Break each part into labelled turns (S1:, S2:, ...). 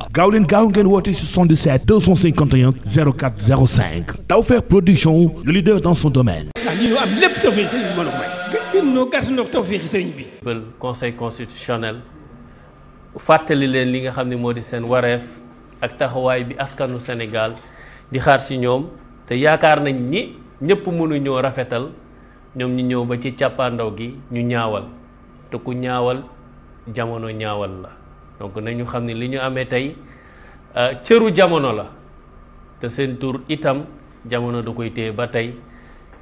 S1: waaw gaaw leen gaaw ngeen woote 77 251 04 05 Tawfekh Production le leader dans son domaine. ah lii ñu am lépp tawfeex sëriñ bi a may. gën noo gàtt noo tawfeex sëriñ
S2: bi. fàttali leen li nga xam ne moo di seen wareef ak taxawaay bi askanu Sénégal di xaar ci ñoom te yaakaar nañ ni ñëpp mënuñoo rafetal ñoom ñu ñëw ba ci càppaandaw gi ñu ñaawal te ku ñaawal jamono ñaawal la. donc nañu xam ne li ñu amee tey euh, cëru jamono la te seen tur itam jamono da koy téye ba tey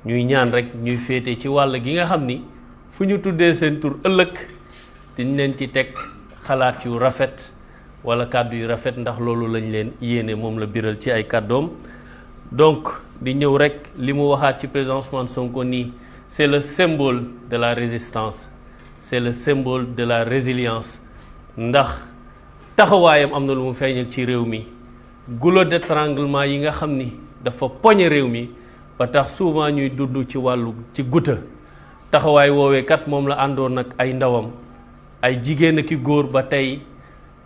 S2: ñuy ñaan rek ñuy féete ci wàll gi nga xam ni fu ñu tuddee seen tur ëllëg dañ leen ci teg xalaat yu rafet wala kàddu yu rafet ndax loolu lañ leen yéene moom la biral ci ay kàddoom donc di ñëw rek li mu waxaat ci président Ousmane Sonko nii c'est le symbole de la résistance c'est le symbole de la résilience ndax taxawaayam am na lu mu feeñal ci réew mi gulo de d'étranglement yi nga xam ni dafa poñe réew mi ba tax souvent ñuy dund ci wàllu ci guta taxawaay wooweekat moom la àndoon ak ay ndawam ay jigéen ak i góor ba tey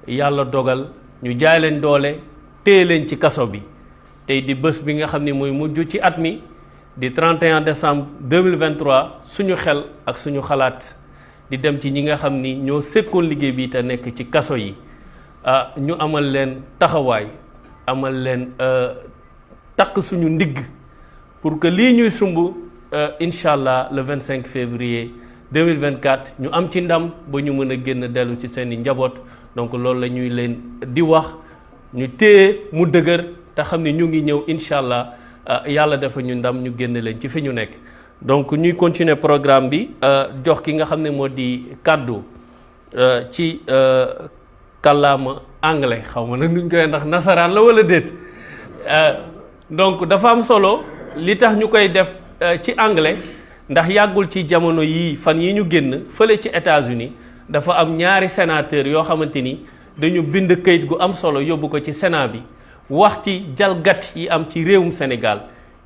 S2: yàlla dogal ñu jaay leen doole téye leen ci kaso bi tey di bés bi nga xam ni mooy mujj ci at mi di 31 décembre 2023 suñu xel ak suñu xalaat di dem ci ñi nga xam ni ñoo sekkoon liggéey bi te nekk ci kaso yi ah ñu amal leen taxawaay amal leen euh, takk suñu ndigg pour que lii ñuy sumb euh, incha allah le 25 février 2024 ñu am ci ndam ba ñu mën a génn dellu ci seen i njaboot donc loolu la ñuy leen di wax ñu téye mu dëgër te xam ne ñu ngi ñëw incha allah euh, yàlla dafa ñu ndam ñu génn leen ci fi ñu nekk. donc ñuy continuer programme bi jox ki nga xam ne moo di kàddu ci kàllaama anglais xaw ma nag nuñ koy ndax nasaraan la wala déet euh, donc dafa am solo li tax ñu koy def euh, ci anglais ndax yàggul ci jamono yii fan yi ñu génn fële ci états uni dafa am ñaari sénateur yoo xamante ni dañu bind kayit gu am solo yóbbu ko ci Sénat bi wax ci jalgat yi am ci réewum Sénégal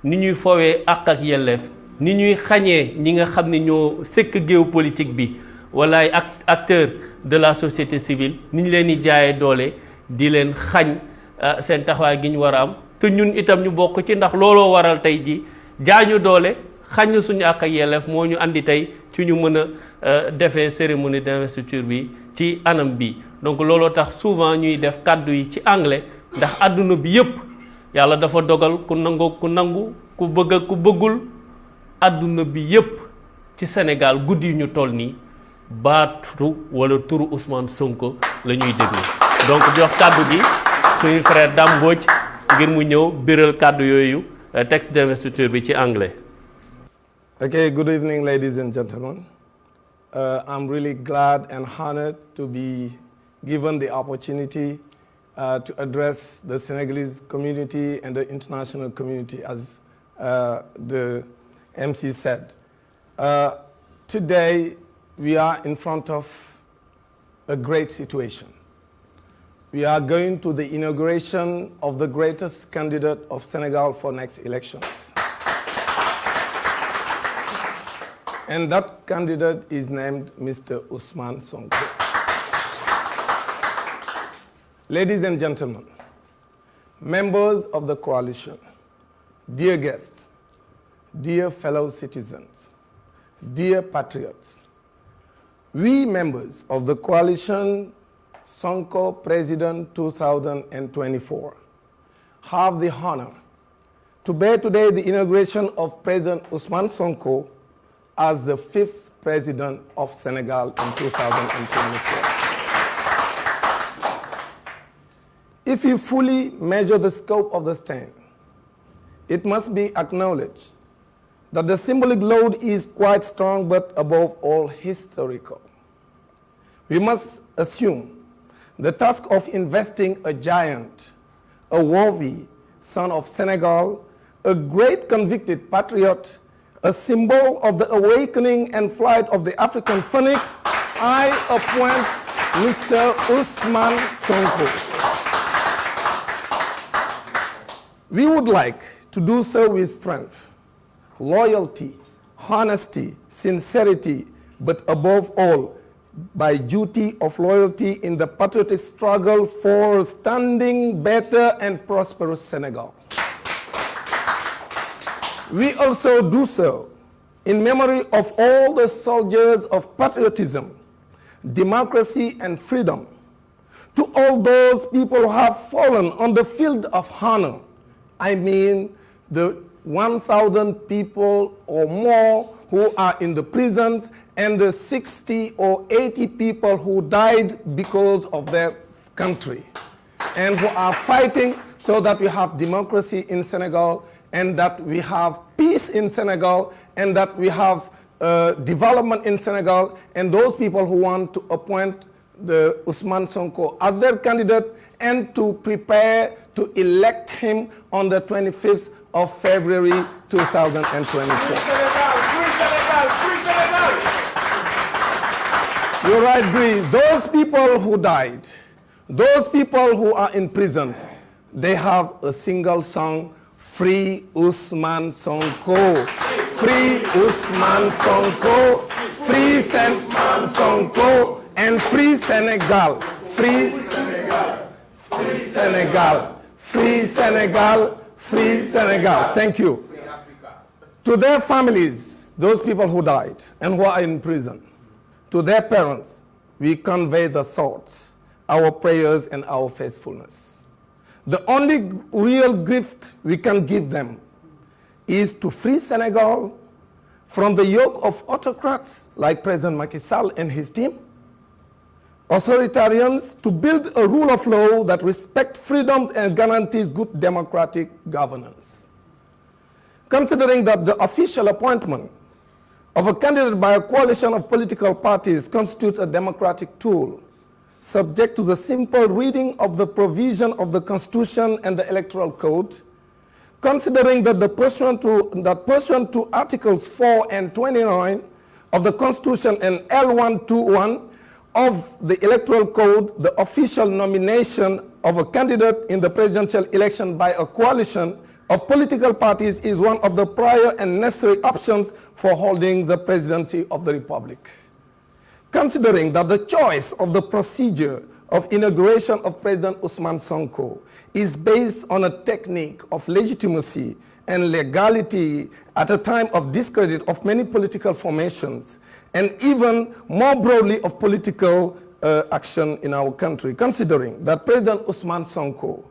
S2: ni ñuy foowee àq ak yelleef ni ñuy xañee ñi nga xam ni ñoo sëkk géopolitique bi wala ak acteur de la société civile ni leen di jaayee doole di leen xañ euh, seen taxawaay gi ñu war a am te ñun itam ñu bokk ci ndax looloo waral tey ji jaañu doole xañ suñu àq ak yelleef moo ñu indi tey ci ñu mën a euh, defee cérémonie d'investiture bi ci anam bi donc looloo tax souvent ñuy def kàddu yi ci anglais ndax àdduna bi yépp yàlla dafa dogal ku nangoo ku nangu ku bëgg ku bëggul àdduna bi yépp ci Sénégal guddi yu ñu toll nii baatu wala turu Ousmane Sonko la ñuy déglu donc jox kàddu gi suñu frère Dame ngir mu ñëw biral kàddu yooyu euh, texte d'investiture bi ci anglais.
S3: Okay, good evening, ladies and gentlemen. Uh, I'm really glad and honored to be given the opportunity uh, to address the Senegalese community and the international community, as uh, the MC said. Uh, today, we are in front of a great situation. We are going to the inauguration of the greatest candidate of Senegal for next elections. and that candidate is named Mr. Ousmane Sonko. Ladies and gentlemen, members of the coalition, dear guests, dear fellow citizens, dear patriots, we members of the coalition Sonko President have the honor to bear today the inauguration of President Ousmane Sonko as the fifth president of Senegal in 2024. if you fully measure the scope of the stand, it must be acknowledged that the symbolic load is quite strong but above all historical. We must assume the task of investing a giant, a Wovi, son of Senegal, a great convicted patriot, a symbol of the awakening and flight of the African phoenix, I appoint Mr. Usman Sonko. We would like to do so with strength loyalty, honesty, sincerity, but above all, by duty of loyalty in the patriotic struggle for standing better and prosperous Senegal. We also do so in memory of all the soldiers of patriotism, democracy, and freedom, to all those people who have fallen on the field of honor, I mean the 1,000 people or more who are in the prisons and the 60 or 80 people who died because of their country and who are fighting so that we have democracy in Senegal and that we have peace in Senegal and that we have uh, development in Senegal and those people who want to appoint the Ousmane Sonko as their candidate and to prepare to elect him on the 25th of February 2022. You're right, Greece. Those people who died, those people who are in prisons, they have a single song, Free Usman Sonko. Free Usman Sonko. And Free Senegal. Free Senegal. Free Senegal. Free Senegal. Thank you. To their families, those people who died and who are in prison, to their parents, we convey the thoughts, our prayers, and our faithfulness. The only real gift we can give them is to free Senegal from the yoke of autocrats like President Macky and his team, authoritarians to build a rule of law that respects freedoms and guarantees good democratic governance. Considering that the official appointment of a candidate by a coalition of political parties constitutes a democratic tool, subject to the simple reading of the provision of the Constitution and the Electoral Code, considering that the pursuant Articles and of the Constitution and L121 of the Electoral Code the official nomination of a candidate in the presidential election by a coalition of political parties is one of the prior and necessary options for holding the presidency of the republic. Considering that the choice of the procedure of inauguration of President Usman Sonko is based on a technique of legitimacy and legality at a time of discredit of many political formations, and even more broadly of political uh, action in our country, considering that President Usman Sonko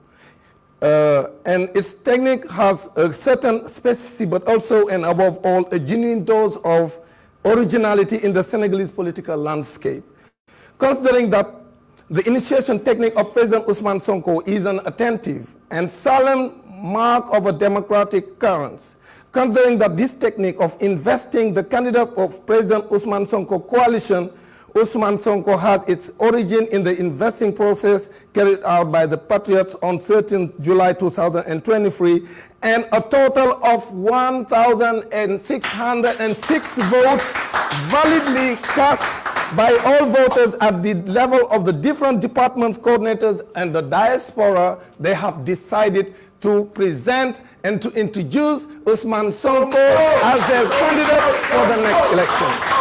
S3: uh, and its technique has a certain specificity, but also above all, a genuine dose of originality in the Senegalese political landscape. Considering that the initiation technique of President Usman Sonko is an attentive and solemn mark of a democratic current, considering that this technique of investing the candidate of President Usman Sonko coalition, Usman Sonko has its origin in the investing process carried out by the Patriots on July and a total votes validly cast by all voters at the level of the different departments, coordinators, and the diaspora, they have decided to present and to introduce Ousmane Sonko as their candidate for the next election.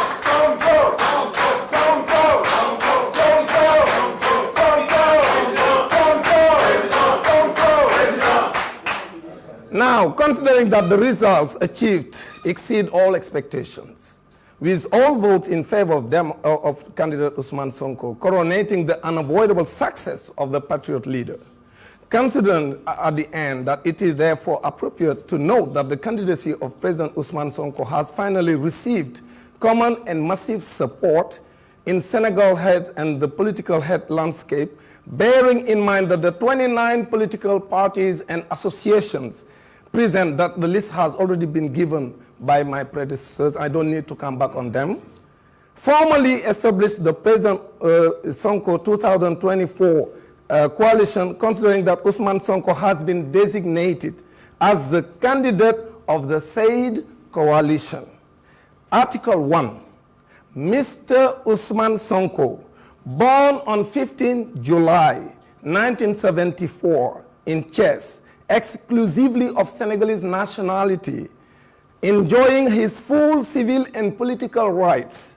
S3: Now, considering that the results achieved exceed all expectations, with all votes in favor of, them, uh, of candidate Ousmane Sonko, coronating the unavoidable success of the patriot leader, Considering at the end that it is therefore appropriate to note that the candidacy of President Ousmane Sonko has finally received common and massive support in Senegal heads and the political head landscape, bearing in mind that the political parties and associations present that the list has already been given by my predecessors. I don't need to come back on them. Formally established the President uh, Sonko uh, coalition considering that Usman Sonko has been designated as the candidate of the said coalition. Article 1. Mr. Usman Sonko, born on July in Chess, exclusively of Senegalese nationality, enjoying his full civil and political rights,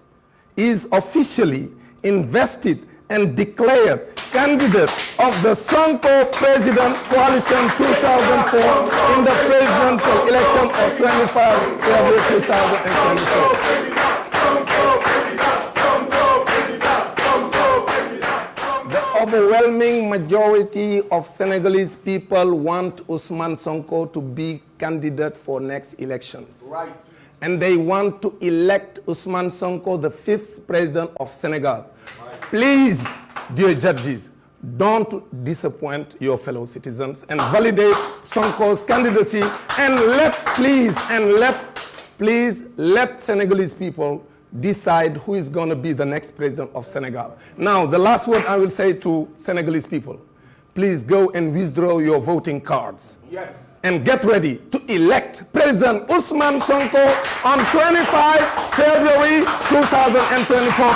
S3: is officially invested and declared candidate of the Sanko President Coalition 2004 the presidential election of 25 overwhelming majority of Senegalese people want Ousmane Sonko to be candidate for next elections. And they want to elect Ousmane Sonko the fifth president of Senegal. Please, dear judges, don't disappoint your fellow citizens and validate Sonko's candidacy and let, please, and let, please, let Senegalese people decide who is the next president of Senegal. Now, the last word I will say to Senegalese people, please go and withdraw your voting cards. and get ready to elect Usman Sonko on February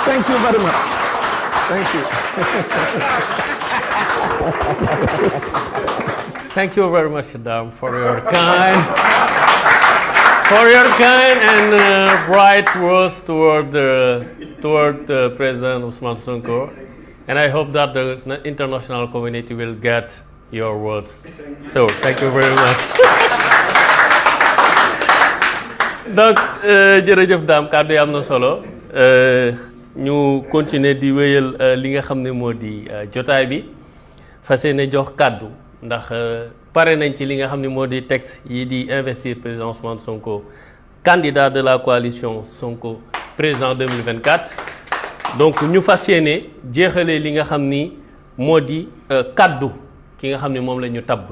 S3: Thank you
S2: very much. Thank you. Thank you very much, Adam, for your kind, for your kind and uh, bright words toward the uh, toward the uh, President Usman Sonko, and I hope that the international community will get your words. So, thank you very much. donc euh, jërëjëf daam kàddu yi am na solo euh, ñu continuer di wéyal euh, li nga xam ne moo di euh, jotaay bi fa yéene jox kàddu ndax euh, pare nañ ci li nga xam ni moo di texte yi di investir président Ousmane Sonko candidat de la coalition Sonko président 2024. donc ñu fas yéene jeexalee li nga xam ni moo di kàddu ki nga xam ne moom la ñu tabb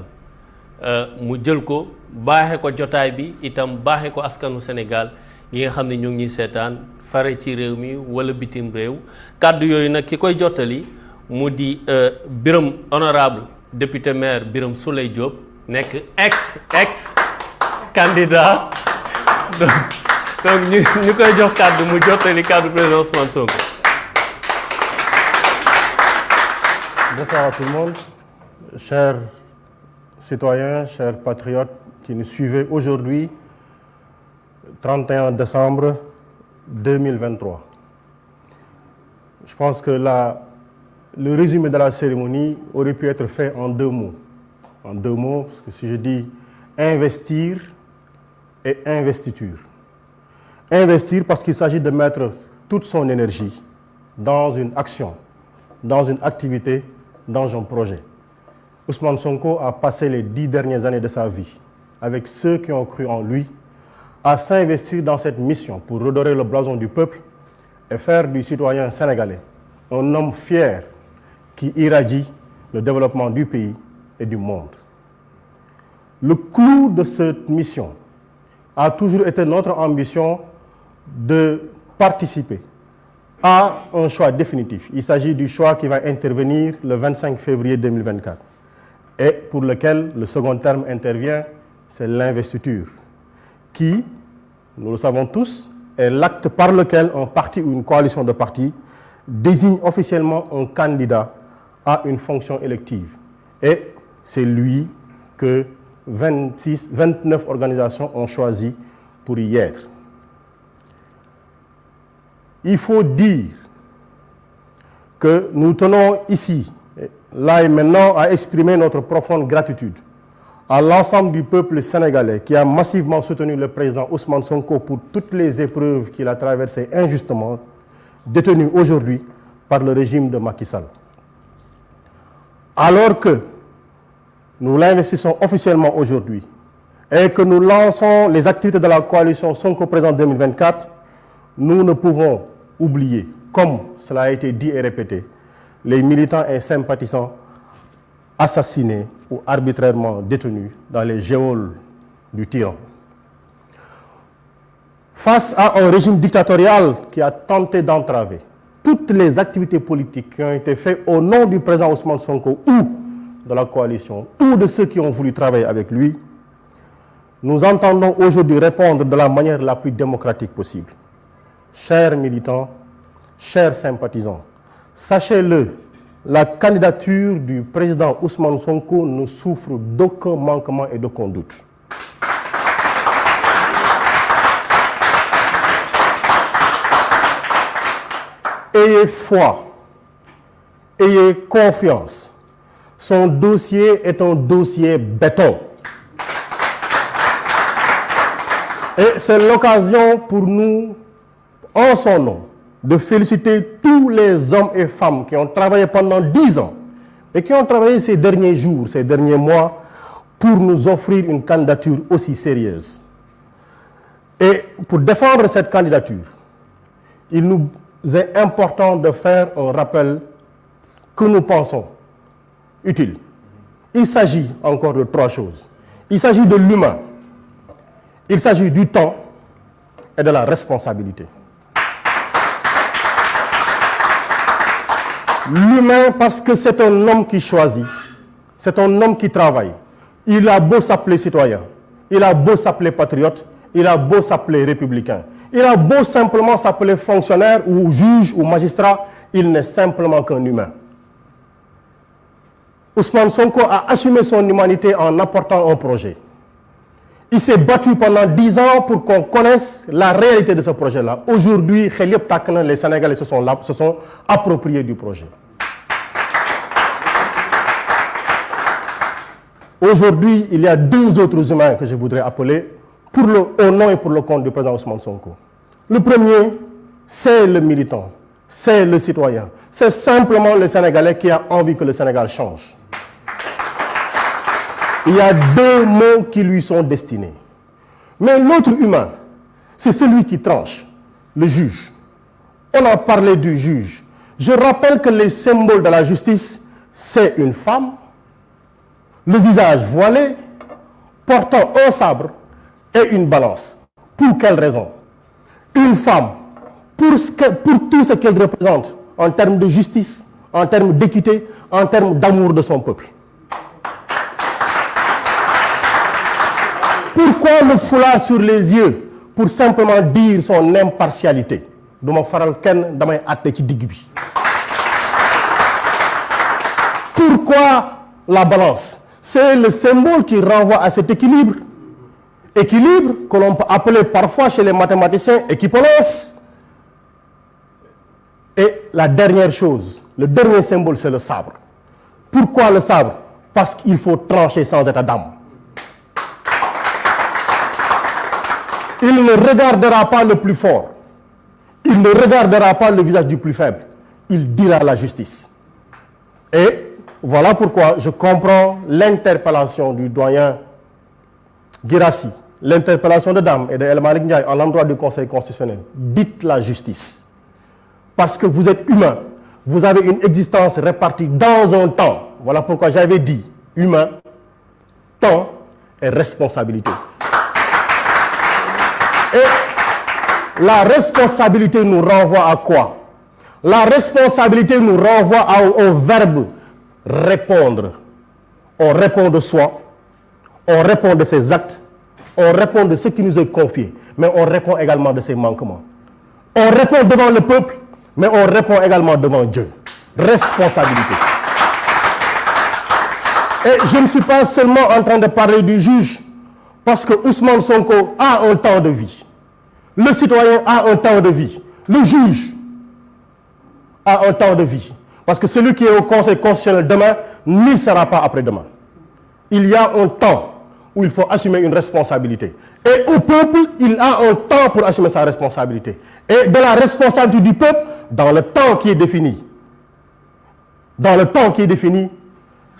S2: mu jël ko baaxe ko jotaay bi itam baaxe ko askanu Sénégal. ñi nga xam ne ñu ngi seetaan fare ci réew mi walla bitim réew kàddu yooyu nag ki koy jottali mu di euh, Birame honorable député maire Birame Souleye Diop nekk ex ex candidat donc ñu koy jox kàddu mu jottali kàddu président Ousmane Sonko.
S4: Bonsoir à tout le monde, chers citoyens, chers patriotes qui nous suivez aujourd'hui. 31 décembre 2023. Je pense que la, le résumé de la cérémonie aurait pu être fait en deux mots. En deux mots, parce que si je dis investir et investiture. Investir parce qu'il s'agit de mettre toute son énergie dans une action, dans une activité, dans un projet. Ousmane Sonko a passé les dix dernières années de sa vie avec ceux qui ont cru en lui à s'investir dans cette mission pour redorer le blason du peuple et faire du citoyen sénégalais un homme fier qui irradie le développement du pays du monde. Le clou de mission a toujours été notre ambition de participer à un choix définitif. Il s'agit du choix qui va intervenir le 25 février 2024 et pour lequel le second terme intervient, c'est l'investiture. qui, nous le savons tous, est par lequel un parti une coalition de partis désigne officiellement un candidat à une fonction élective. Et c'est lui que 26, 29 organisations ont choisi pour y Il faut dire que nous tenons ici, là et à exprimer notre profonde gratitude à l'ensemble du peuple sénégalais qui a massivement soutenu le président Ousmane Sonko pour toutes les épreuves qu'il a traversées injustement, détenues aujourd'hui par le régime de Macky Sall. Alors que nous l'investissons officiellement aujourd'hui et que nous lançons les activités de la coalition Sonko Présent 2024, nous ne pouvons oublier, comme cela a été dit et répété, les militants et sympathisants assassinés ou arbitrairement détenus dans les geôles du tyran. Face à un régime dictatorial qui a tenté d'entraver toutes les activités politiques qui ont été faites au nom du président Ousmane Sonko ou de la coalition ou de ceux qui ont voulu travailler avec lui, nous entendons aujourd'hui répondre de la manière la plus démocratique possible. Chers militants, chers sympathisants, sachez-le, La candidature du président Ousmane Sonko ne souffre d'aucun manquement et d'aucun doute. Ayez foi, ayez confiance. Son dossier est un dossier béton. Et c'est l'occasion pour nous, en son nom, de féliciter tous les hommes et femmes qui ont travaillé pendant dix ans et qui ont travaillé ces derniers jours, ces derniers mois, pour nous offrir une candidature aussi sérieuse. Et pour défendre cette candidature, il nous est important de faire un rappel que nous pensons utile. Il s'agit encore de trois choses. Il s'agit de l'humain, il s'agit du temps et de la responsabilité. L'humain, parce que c'est un homme qui choisit, c'est un homme qui travaille. Il a beau s'appeler citoyen, il a beau s'appeler patriote, il a beau s'appeler républicain, il a beau simplement s'appeler fonctionnaire ou juge ou magistrat, il n'est simplement qu'un humain. Ousmane Sonko a assumé son humanité en apportant un projet. il s'est battu pendant dix ans pour qu'on connaisse la réalité de ce projet-là aujourd'hui xel yëpp tàkk na les Sénégalais se sont là se sont appropriés du projet aujourd'hui il y a deux autres humains que je voudrais appeler pour le au nom et pour le compte du président Ousmane Sonko le premier c'est le militant c'est le citoyen c'est simplement le Sénégalais qui a envie que le Sénégal change il y a deux mots qui lui sont destinés. Mais l'autre humain, c'est celui qui tranche, le juge. On a parlé du juge. Je rappelle que les symboles de la justice, c'est une femme, le visage voilé, portant un sabre et une balance. Pour quelle raison Une femme, pour, ce que, pour tout ce qu'elle représente en termes de justice, en termes d'équité, en termes d'amour de son peuple. pourquoi le foulard sur les yeux pour simplement dire son impartialité du ma faral kenn damay àtte ci digg bi pourquoi la balance c'est le symbole qui renvoie à cet équilibre équilibre que l'on peut appeler parfois chez les mathématiciens équivalence et la dernière chose le dernier symbole c'est le sabre pourquoi le sabre parce qu'il faut trancher sans état d'âme Il ne regardera pas le plus fort. Il ne regardera pas le visage du plus faible. Il dira la justice. Et voilà pourquoi je comprends l'interpellation du doyen Guirassi, l'interpellation de Dame et de El Malik Ndiaye en l'endroit du Conseil constitutionnel. Dites la justice. Parce que vous êtes humain. Vous avez une existence répartie dans un temps. Voilà pourquoi j'avais dit humain, temps et responsabilité. la responsabilité nous renvoie à quoi La responsabilité nous renvoie au, au verbe répondre. On répond de soi, on répond de ses actes, on répond de ce qui nous est confié, mais on répond également de ses manquements. On répond devant le peuple, mais on répond également devant Dieu. Responsabilité. Et je ne suis pas seulement en train de parler du juge, Parce que Ousmane Sonko a un temps de vie. Le citoyen a un temps de vie. Le juge a un temps de vie. Parce que celui qui est au Conseil constitutionnel demain n'y sera pas après-demain. Il y a un temps où il faut assumer une responsabilité. Et au peuple, il a un temps pour assumer sa responsabilité. Et de la responsabilité du peuple, dans le temps qui est défini, dans le temps qui est défini,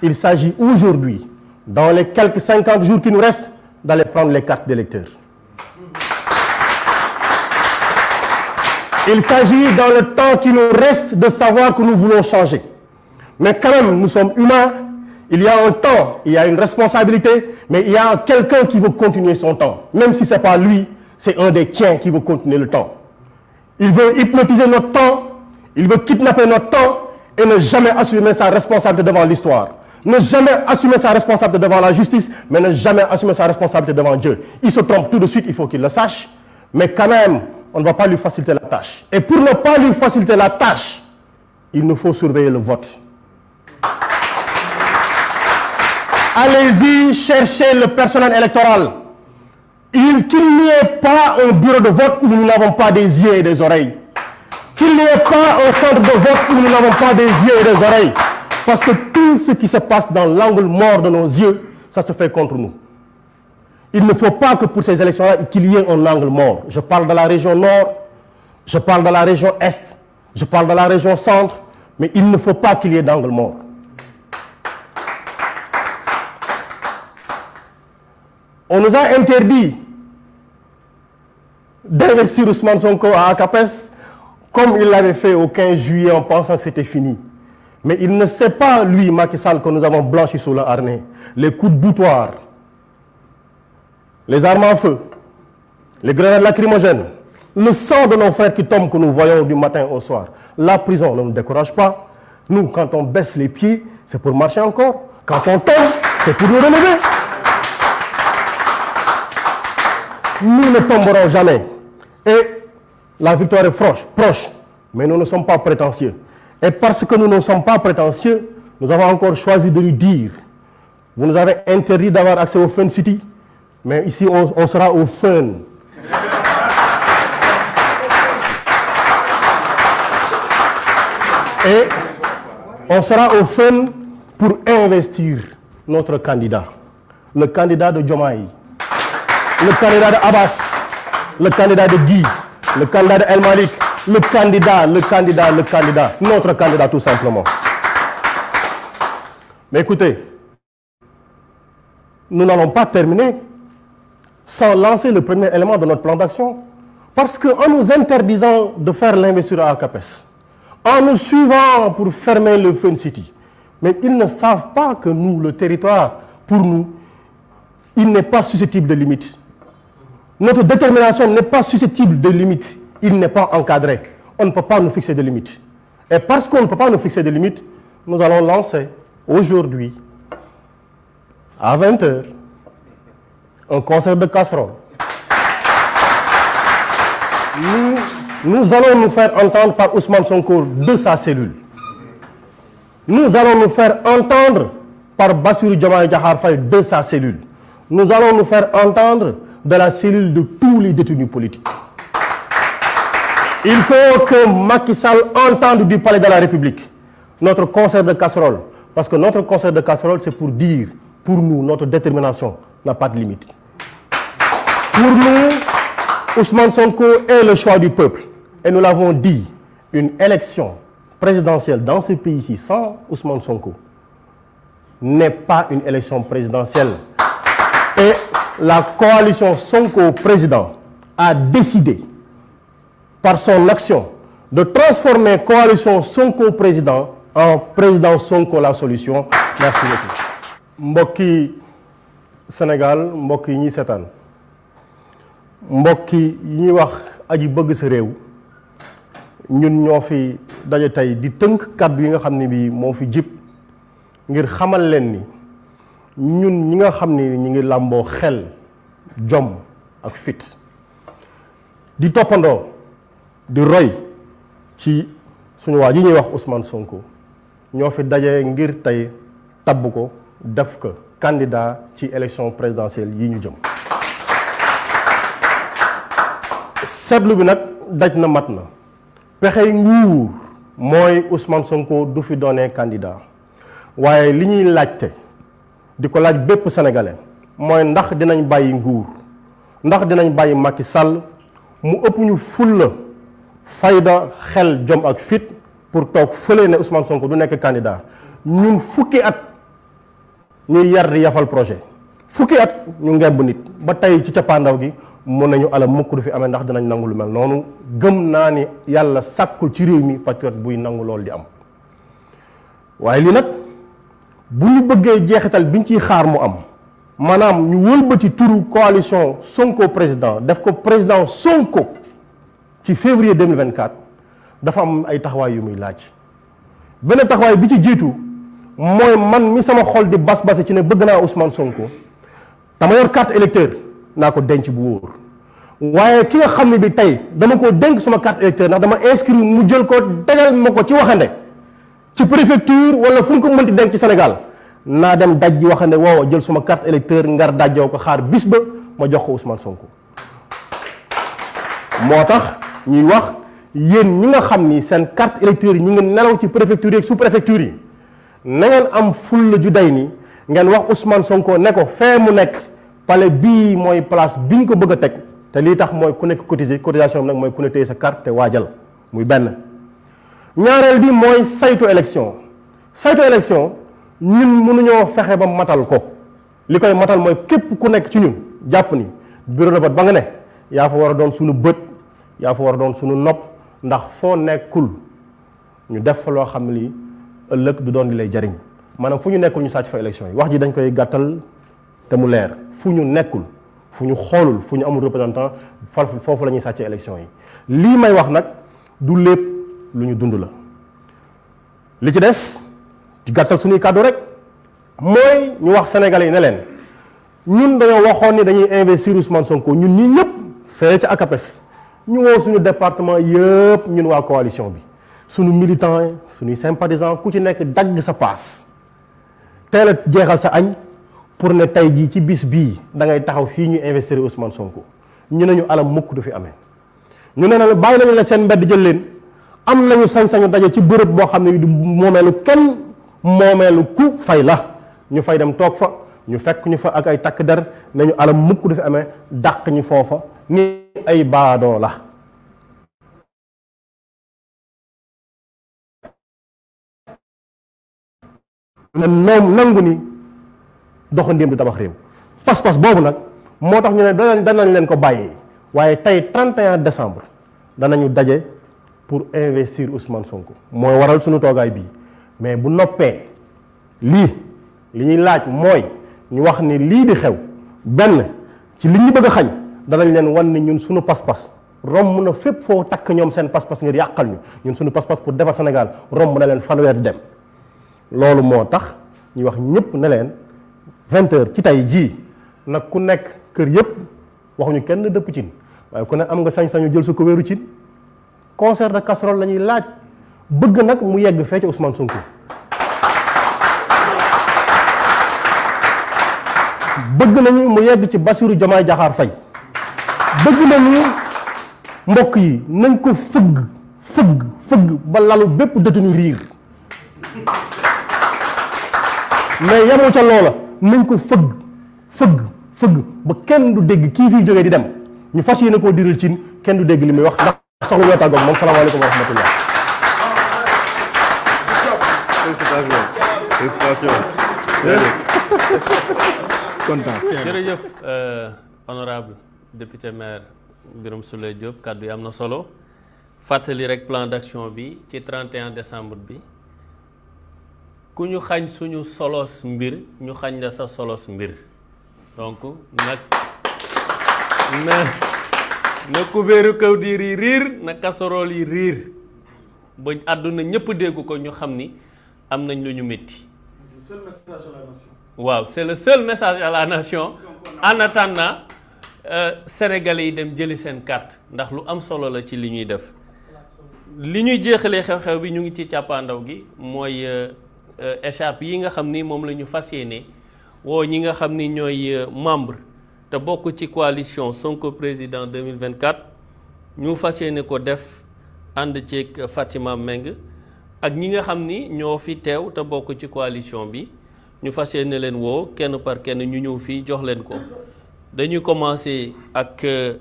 S4: il s'agit aujourd'hui, dans les quelques 50 jours qui nous restent, d'aller prendre les cartes d'électeurs. Il s'agit dans le temps qui nous reste de savoir que nous voulons changer. Mais quand même, nous sommes humains, il y a un temps, il y a une responsabilité, mais il y a quelqu'un qui veut continuer son temps. Même si ce pas lui, c'est un des tiens qui veut continuer le temps. Il veut hypnotiser notre temps, il veut kidnapper notre temps et ne jamais assumer sa responsabilité devant l'histoire. ne jamais assumer sa responsabilité devant la justice, mais ne jamais assumer sa responsabilité devant Dieu. Il se trompe tout de suite, il faut qu'il le sache, mais quand même, on ne pas lui faciliter la tâche. Et pour ne pas lui faciliter la tâche, il nous faut surveiller le vote. qu'il n'y ait pas un bureau de vote où nous n'avons pas des yeux et des oreilles. Qu'il n'y ait pas un centre de vote nous n'avons pas des yeux et des oreilles. Parce que tout ce qui se passe dans l'angle mort de nos yeux, ça se fait contre nous. Il ne faut pas que pour ces élections-là, qu'il y ait un angle mort. Je parle de la région nord, je parle de la région est, je parle de la région centre, mais il ne faut pas qu'il y ait d'angle mort. On nous a interdit d'investir Ousmane Sonko à Acapes comme il l'avait fait au 15 juillet en pensant que c'était fini. Mais il ne sait pas, lui, Macky Sall, que nous avons blanchi sous le harnais. Les coups de boutoir, les armes à feu, les grenades lacrymogènes, le sang de nos frères qui tombe que nous voyons du matin au soir. La prison ne nous décourage pas. Nous, quand on baisse les pieds, c'est pour marcher encore. Quand on tombe, c'est pour nous relever. Nous ne tomberons jamais. Et la victoire est proche, proche. Mais nous ne sommes pas prétentieux. Et parce que nous ne sommes pas prétentieux, nous avons encore choisi de lui dire, vous nous avez interdit d'avoir accès au Fun City, mais ici on, on sera au Fun. on sera au Fun pour investir notre candidat, le candidat de Diomaye, le candidat de Abbas, le candidat de Guy, le candidat de El Malik, le candidat, le candidat, le candidat, notre candidat tout simplement. Mais écoutez, nous n'allons pas terminer sans lancer le premier élément de notre plan d'action. Parce qu'en nous interdisant de faire l'investiture à CAPES, en nous suivant pour fermer le Fun City, mais ils ne savent pas que nous, le territoire, pour nous, il n'est pas susceptible de limites. Notre détermination n'est pas susceptible de limites. il n'est pas encadré. On ne peut pas nous fixer de limites. Et parce qu'on ne peut pas nous fixer de limites, nous allons lancer aujourd'hui, à 20h, un concert de casserole. Nous, allons nous faire entendre par Ousmane Sonko de sa cellule. Nous allons nous faire entendre par Bassirou Diomaye Diakhar Faye de sa cellule. Nous allons nous faire entendre de la cellule de tous les détenus politiques. Il faut que Macky Sall entende du palais de la République notre concert de casserole. Parce que notre concert de casserole, c'est pour dire, pour nous, notre détermination n'a pas de limite. Pour nous, Ousmane Sonko est le choix du peuple. Et nous l'avons dit, une élection présidentielle dans ce pays-ci sans Ousmane Sonko n'est pas une élection présidentielle. Et la coalition Sonko président a décidé par son action de transformer coalition Sonko président en président Sonko la solution merci beaucoup. mbokki Sénégal mbokk yi ñuy seetaan mbokk yi ñuy wax aji bëgg sa réew ñun ñoo fi daje tey di tënk kàddu yi nga xam ne bii moo fi jib ngir xamal leen ni ñun ñi nga xam ni ñu ngi làmboo xel jomm ak fit di toppandoo. di roy ci suñu waa ji ñuy wax Ousmane Sonko ñoo fi daje ngir tey tabb ko def ko candidat ci élection présidentielle yi ñu jëm seetlu bi nag daj na mat na pexe nguur mooy Ousmane Sonko du fi doonee candidat waaye li ñuy laajte di ko laaj bépp sénégalais mooy ndax dinañ bàyyi nguur ndax dinañ bàyyi Macky sàll mu ëpp ñu fulla fayda xel jom ak fit pour toog fële ne Ousmane Sonko du nekk candidat ñun fukki at ñuy yar di yafal projet fukki at ñu ngemb nit ba tey ci ca cappaandaw gi mun nañu ala mukk du fi amee ndax dinañ nangu lu mel noonu gëm naa ni yàlla sàkkul ci réew mi patriote buy nangu loolu di am waaye lii nag bu ñu bëggee jeexital biñ ciy xaar mu am maanaam ñu wëlbati turu coalition Sonko président def ko président Sonko ci février 2024 dafa am ay taxawaay yu muy laaj benn taxawaay bi ci jiitu mooy man mi sama xol di bas base ci ne bëgg naa Ousmane Sonko dama yor carte électeur naa ko denc bu wóor waaye ki nga xam ne bi tey dama ko dénk suma carte électeur ndax dama inscrit mu jël ko dagal ma ko ci waxande ci préfecture wala fu mu ko mënti denc ci Sénégal naa dem dajji waxande woowa jël suma carte électeur ngar dajjoo ko xaar bis ba ma jox ko Ousmane Sonko moo tax ñuy wax yéen ñi nga xam ni seen carte électeur yi ñi ngi nelaw ci préfecture yi ak préfecture yi na am fulla ju day ni ngeen wax Ousmane Sonko ne ko fee mu nekk pale bii mooy place bi ñu ko bëgg a teg te lii tax mooy ku nekk cotisé cotisation nag mooy ku ne téye sa carte te waajal muy benn ñaareel bi mooy saytu élection saytu élection ñun mënuñoo fexe ba matal ko li koy matal mooy képp ku nekk ci ñun jàpp ni bureau de vote ba nga ne yaa fa war a doon suñu bët yaa fa war a doon suñu nopp ndax foo nekkul ñu def fa loo xam ne lii ëllëg du doon di lay jariñ maanaam fu ñu nekkul ñu sàcc fa élection yi wax ji dañ koy gàttal te mu leer fu ñu nekkul fu ñu xoolul fu ñu amul représentant fal foofu la ñuy sàccee yi lii may wax nag du lépp lu ñu dund la li ci des gàttal suñuy kàddu rek mooy ñu wax senegal yi ne leen ñun dañoo waxoon ni dañuy investir Ousmane Sonko ñun ñi ñëpp fee ca ACAPES ñu woo suñu département yëpp ñun waa coalition bi suñu militants yi suñuy sympathisants ku ci nekk dagg sa paas teel a jeexal sa añ pour ne tey jii ci bis bii da ngay taxaw fii ñu investir Ousmane Sonko ñu ne ñu alam mukk du fi amee. ñu ne la bàyyi nañu la seen mbedd jël leen am nañu sañ-sañu daje ci bërëb boo xam ne du moomeelu kenn moomeelu ku fay la ñu fay dem toog fa ñu fekk ñu fa ak ay takk der nañu alam mukk du fi amee dàq ñu foofa. ni ay
S2: baado la na noom nangu ni
S4: doxandéem du tabax réew pas-pas boobu nag moo tax ñu ne danañ danañ leen ko bàyyi waaye tey 31 décembre danañu daje pour investir Ousmane Sonko mooy waral suñu toogaay bii mais bu noppee lii li ñuy laaj mooy ñu wax ni lii di xew benn ci li ñu bëgg xañ danañ leen wan ni ñun suñu pas-pas romb na fépp foo takk ñoom seen pas-pas ngir yàqal ñu ñun suñu pas-pas pour defar Sénégal romb na leen fanweer dem loolu moo tax ñu wax ñépp ne leen vingt ci tey jii nag ku nekk kër yëpp waxuñu kenn dëpp cin waaye ku ne am nga sañ-sañu jël su ko wéeru cin concert de casserole laaj bëgg nag mu yegg fee ci Ousmane Sonko bëgg nañu mu yegg ci Bassirou Diomaye Diakhar Faye bëgg nañu mbokk yi nañ ko fëgg fëgg fëgg ba lalu bépp détenu riir mais yemoo ca loola nañ ko fëgg fëgg fëgg ba kenn du dégg kii fiy jógee di dem ñu fas yéene koo diral cin kenn du dégg li muy wax ndax sax lu weetaagoog moom salaamaaleykum wa rahmatullah
S2: euh, député maire Birame Souleye Diop kàddu yi am na solo fàttali rek plan d'action bi ci 31 décembre bi ku ñu xañ suñu solos mbir ñu xañ la sa solos mbir donc nag na na kubéeru kaw diir yi riir na casserole yi riir ba àdduna ñëpp dégg ko ñu xam ni am nañ lu ñu metti waaw c'est le seul message à la nation en attendant Euh, sénégalais yi dem jëli seen carte ndax lu am solo la ci li ñuy def li ñuy jeexalee xew-xew bi ñu ngi ci càppaandaw gi mooy euh, écharpe yi nga xam ni moom la ñu fas yéene woo ñi nga xam ni ñooy euh, membre te bokk ci coalition Sonko président 2024 ñu fas yéene ko def ànd ceeg Fatima Meng ak ñi nga xam ni ñoo fi teew te bokk ci coalition bi ñu fas yéene leen woo kenn par kenn ñu ñëw fii jox leen ko dañu commencer ak euh,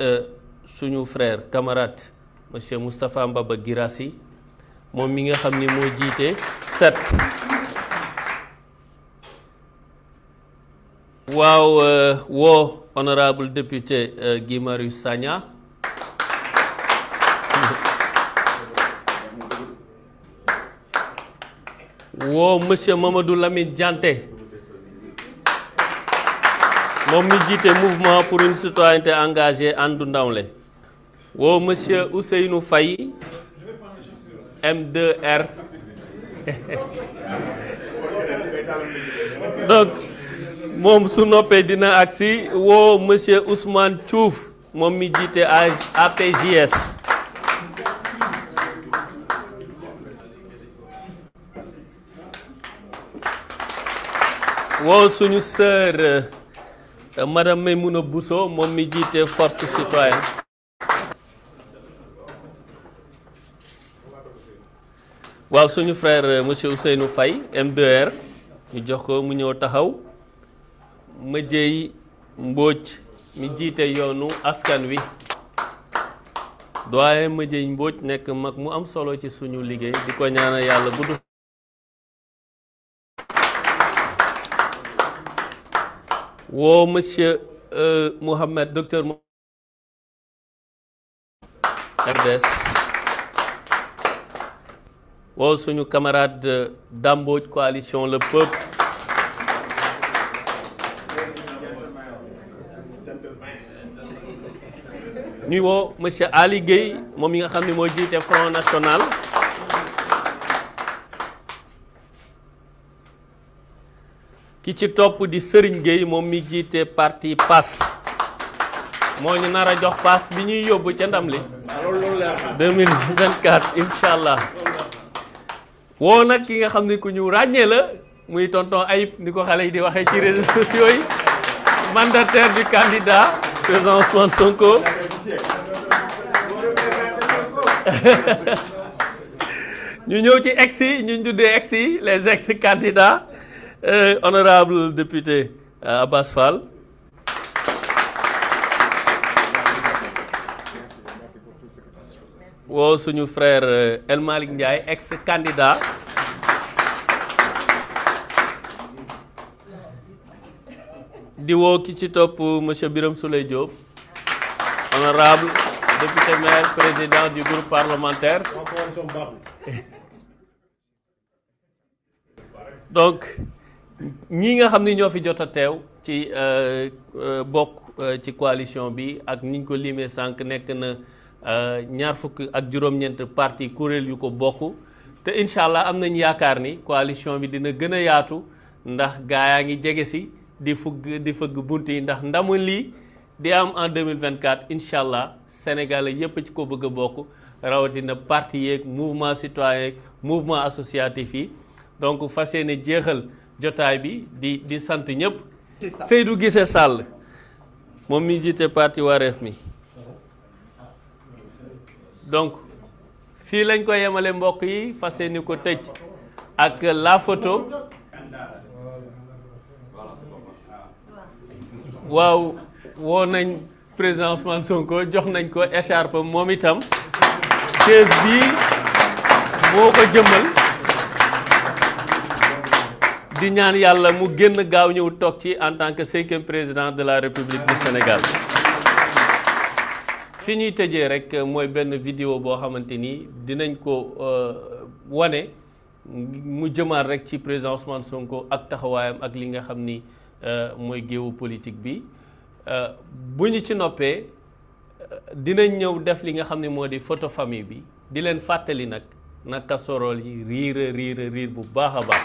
S2: euh, suñu frère camarade monsieur Moustapha Mbaba Girassi moom mi nga xam ni moo jiite set waaw euh, woo honorable député Guy Marius Sagna woo monsieur Mamadou Lamine Diante moom mi jiite mouvement pour une citoyenneté engagée àndu ndawle woo monsieur Ousseynou Faye M2R
S1: donc
S2: moom su noppee dina agsi woo monsieur Ousmane Diouf moom mi jiite APJS woo suñu sœur madame Maymouna Bousso moom mi jiite force citoyenne waaw suñu frère monsieur Ousseynou Faye M2R ñu jox ko mu ñëw taxaw ma jëy Mbóoj mi jiite yoonu askan wi doyen ma jëy Mbóoj nekk mag mu am solo ci suñu liggéey di ko ñaanal yàlla gudd woo monsieur euh, Mohamed docteur RDS woo suñu camarade euh, Damboj coalition le peuple ñuy woo monsieur Ali Gueye moom yi nga xam ne moo jiite Front National ki ci topp di sëriñ Gueye moom mi jiite parti PAS moo ñu nar a jox PAS bi ñuy yóbbu ca ndam li 2024 allah woo nag ki nga xam ne ku ñu ràññee la muy tonton Ayib ni ko xale yi di waxee ci réseaux sociaux yi mandataire du candidat président Sonko ñu ñëw ci ex yi ñu tuddee ex yi les ex candidats Eh, honorable député euh, Abbas Fall. woo suñu frère euh, El ex-candidat di woo ki ci topp monsieur Birame Souleye Diop honorable député maire président du groupe parlementaire donc ñii nga xam ni ñoo fi jot a teew ci euh, euh, bokk euh, ci coalition bi ak niñ ko limee sànq nekk na ñaar fukk ak juróom-ñeent parti kuréel yu ko bokk te incha allah am nañ yaakaar ni coalition bi dina gën a yaatu ndax gaa yaa ngi jege si di fugg di fëgg bunt yi ndax ndamu lii di am en 2024 incha allah sénégalais yépp ci ko bëgg a bokk rawatina parti yeeg mouvement citoyen yeeg mouvement associatif yi donc fas yéene jeexal jotaay bi di di sant ñëpp. Seydou Guissé sàll moom mi jiite parti Wareef mi donc fii lañ ko yemale mbokk yi fas yéene ko tëj ak la photo waaw woo nañ président Ousmane Sonko jox nañ ko écharpe moom itam kees bii moo ko jëmmal di ñaan yàlla mu génn gaaw ñëw toog ci en tant que cinquième président de la république bu Sénégal fi ñuy tëjee rek mooy benn vidéo boo xamante ni dinañ ko euh, wane mu jëmaat rek ci président Ousmane Sonko ak taxawaayam ak li nga xam ni euh, mooy géewu politique bi euh, bu ñu ci noppee dinañ ñëw def li nga xam ne moo di photo famille bi di leen fàttali nag naka sorool yi riira riira riir bu baax a baax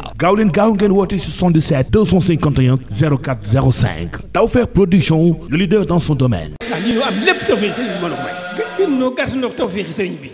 S1: Sénégal gaaw leen gaaw ngeen woote 77 251 04 05 Tawfekh Production le leader dans son domaine. Ah, am lépp tawfeex sëriñ bi mën
S2: a may.